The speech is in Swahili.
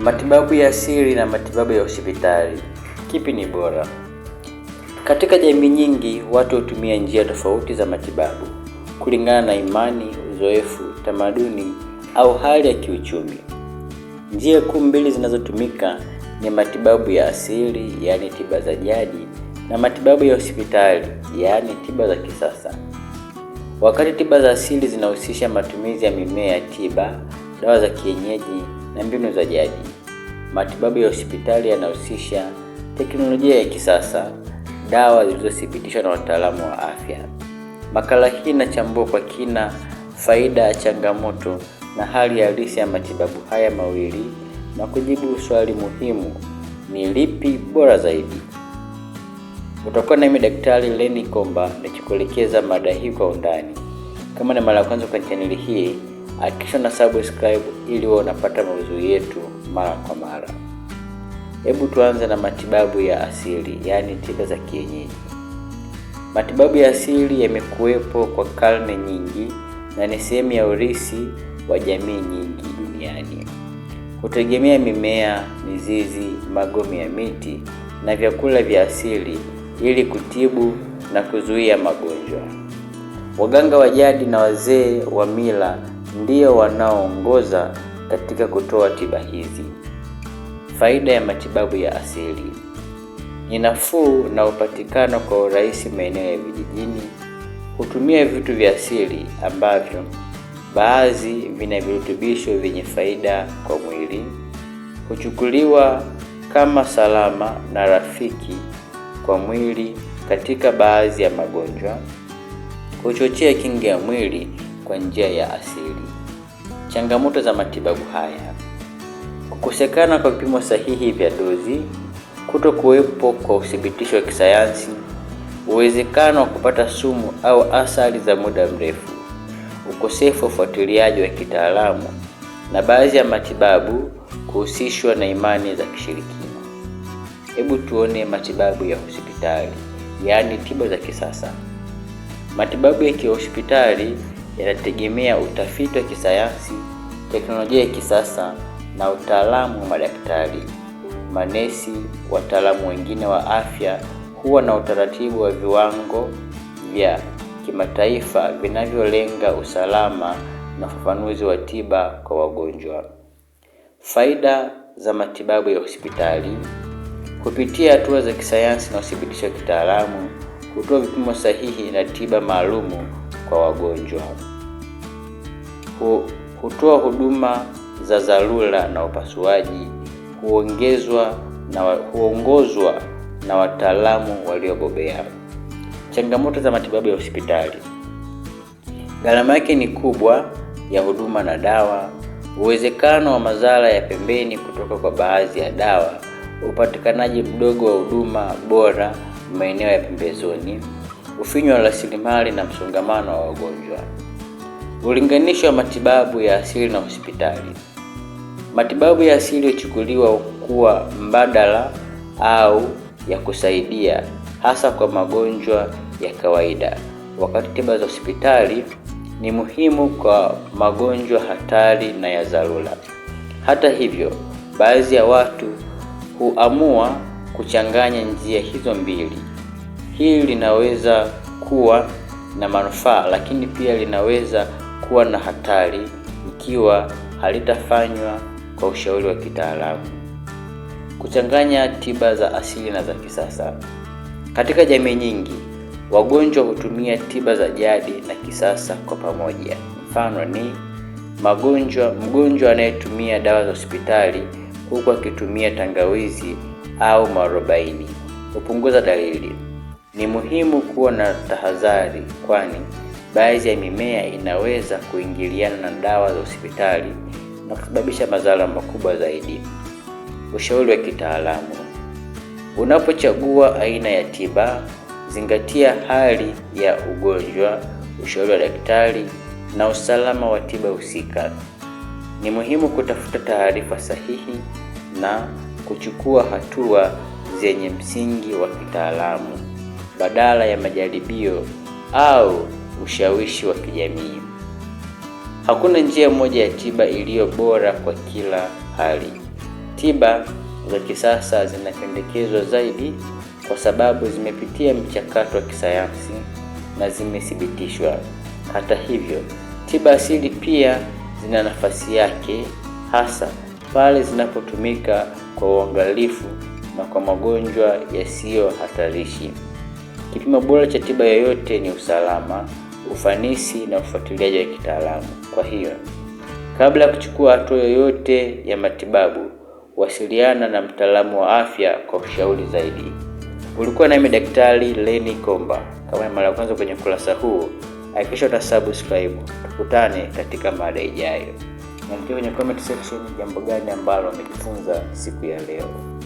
Matibabu ya asili na matibabu ya hospitali, kipi ni bora? Katika jamii nyingi, watu hutumia njia tofauti za matibabu kulingana na imani, uzoefu, tamaduni au hali ya kiuchumi. Njia kuu mbili zinazotumika ni matibabu ya asili, yaani tiba za jadi, na matibabu ya hospitali, yaani tiba za kisasa. Wakati tiba za asili zinahusisha matumizi ya mimea ya tiba, dawa za kienyeji na mbinu za jadi. Matibabu ya hospitali yanahusisha teknolojia ya kisasa, dawa zilizothibitishwa na wataalamu wa afya. Makala hii inachambua kwa kina faida ya changamoto na hali halisi ya matibabu haya mawili na kujibu swali muhimu, ni lipi bora zaidi? Utakuwa nami Daktari Lenny Komba nikikuelekeza mada hii kwa undani. Kama ni mara ya kwanza kwa chaneli hii hakikisha na subscribe ili wewe unapata mauzui yetu mara kwa mara. Hebu tuanze na matibabu ya asili, yaani tiba za kienyeji. Matibabu ya asili yamekuwepo kwa karne nyingi na ni sehemu ya urithi wa jamii nyingi duniani. kutegemea mimea, mizizi, magome ya miti na vyakula vya asili ili kutibu na kuzuia magonjwa. Waganga wa jadi na wazee wa mila ndio wanaoongoza katika kutoa tiba hizi. Faida ya matibabu ya asili ni nafuu na upatikano kwa urahisi maeneo ya vijijini. Hutumia vitu vya asili ambavyo baadhi vina virutubisho vyenye faida kwa mwili. Huchukuliwa kama salama na rafiki kwa mwili katika baadhi ya magonjwa. Huchochea kinga ya mwili kwa njia ya asili. Changamoto za matibabu haya: kukosekana kwa vipimo sahihi vya dozi, kuto kuwepo kwa uthibitisho wa kisayansi, uwezekano wa kupata sumu au athari za muda mrefu, ukosefu wa ufuatiliaji wa kitaalamu, na baadhi ya matibabu kuhusishwa na imani za kishirikina. Hebu tuone matibabu ya hospitali, yaani tiba za kisasa. Matibabu ya kihospitali yanategemea utafiti wa kisayansi, teknolojia ya kisasa na utaalamu wa madaktari, manesi, wataalamu wengine wa afya. Huwa na utaratibu wa viwango vya kimataifa vinavyolenga usalama na ufafanuzi wa tiba kwa wagonjwa. Faida za matibabu ya hospitali kupitia hatua za kisayansi na uthibitisho wa kitaalamu, hutoa vipimo sahihi na tiba maalumu kwa wagonjwa. Hutoa huduma za dharura na upasuaji, huongezwa na huongozwa na wataalamu waliobobea. Changamoto za matibabu ya hospitali: gharama yake ni kubwa ya huduma na dawa, uwezekano wa madhara ya pembeni kutoka kwa baadhi ya dawa, upatikanaji mdogo wa huduma bora maeneo ya pembezoni ufinywa wa rasilimali na msongamano wa wagonjwa. Ulinganisho wa matibabu ya asili na hospitali. Matibabu ya asili huchukuliwa kuwa mbadala au ya kusaidia hasa kwa magonjwa ya kawaida, wakati tiba za hospitali ni muhimu kwa magonjwa hatari na ya dharura. Hata hivyo, baadhi ya watu huamua kuchanganya njia hizo mbili. Hili linaweza kuwa na manufaa, lakini pia linaweza kuwa na hatari ikiwa halitafanywa kwa ushauri wa kitaalamu. Kuchanganya tiba za asili na za kisasa. Katika jamii nyingi, wagonjwa hutumia tiba za jadi na kisasa kwa pamoja. Mfano ni magonjwa, mgonjwa anayetumia dawa za hospitali huku akitumia tangawizi au marobaini hupunguza dalili. Ni muhimu kuwa na tahadhari, kwani baadhi ya mimea inaweza kuingiliana na dawa za hospitali na kusababisha madhara makubwa zaidi. Ushauri wa kitaalamu: unapochagua aina ya tiba, zingatia hali ya ugonjwa, ushauri wa daktari na usalama wa tiba husika. Ni muhimu kutafuta taarifa sahihi na kuchukua hatua zenye msingi wa kitaalamu badala ya majaribio au ushawishi wa kijamii. Hakuna njia moja ya tiba iliyo bora kwa kila hali. Tiba za kisasa zinapendekezwa zaidi kwa sababu zimepitia mchakato wa kisayansi na zimethibitishwa. Hata hivyo, tiba asili pia zina nafasi yake, hasa pale zinapotumika kwa uangalifu na kwa magonjwa yasiyo hatarishi. Kipimo bora cha tiba yoyote ni usalama, ufanisi na ufuatiliaji wa kitaalamu. Kwa hiyo, kabla ya kuchukua hatua yoyote ya matibabu, wasiliana na mtaalamu wa afya kwa ushauri zaidi. Ulikuwa nami Daktari Lenny Komba. Kama ni mara ya kwanza kwenye ukurasa huu, hakikisha subscribe. Tukutane katika mada ijayo. Niandikie kwenye comment section jambo gani ambalo umejifunza siku ya leo.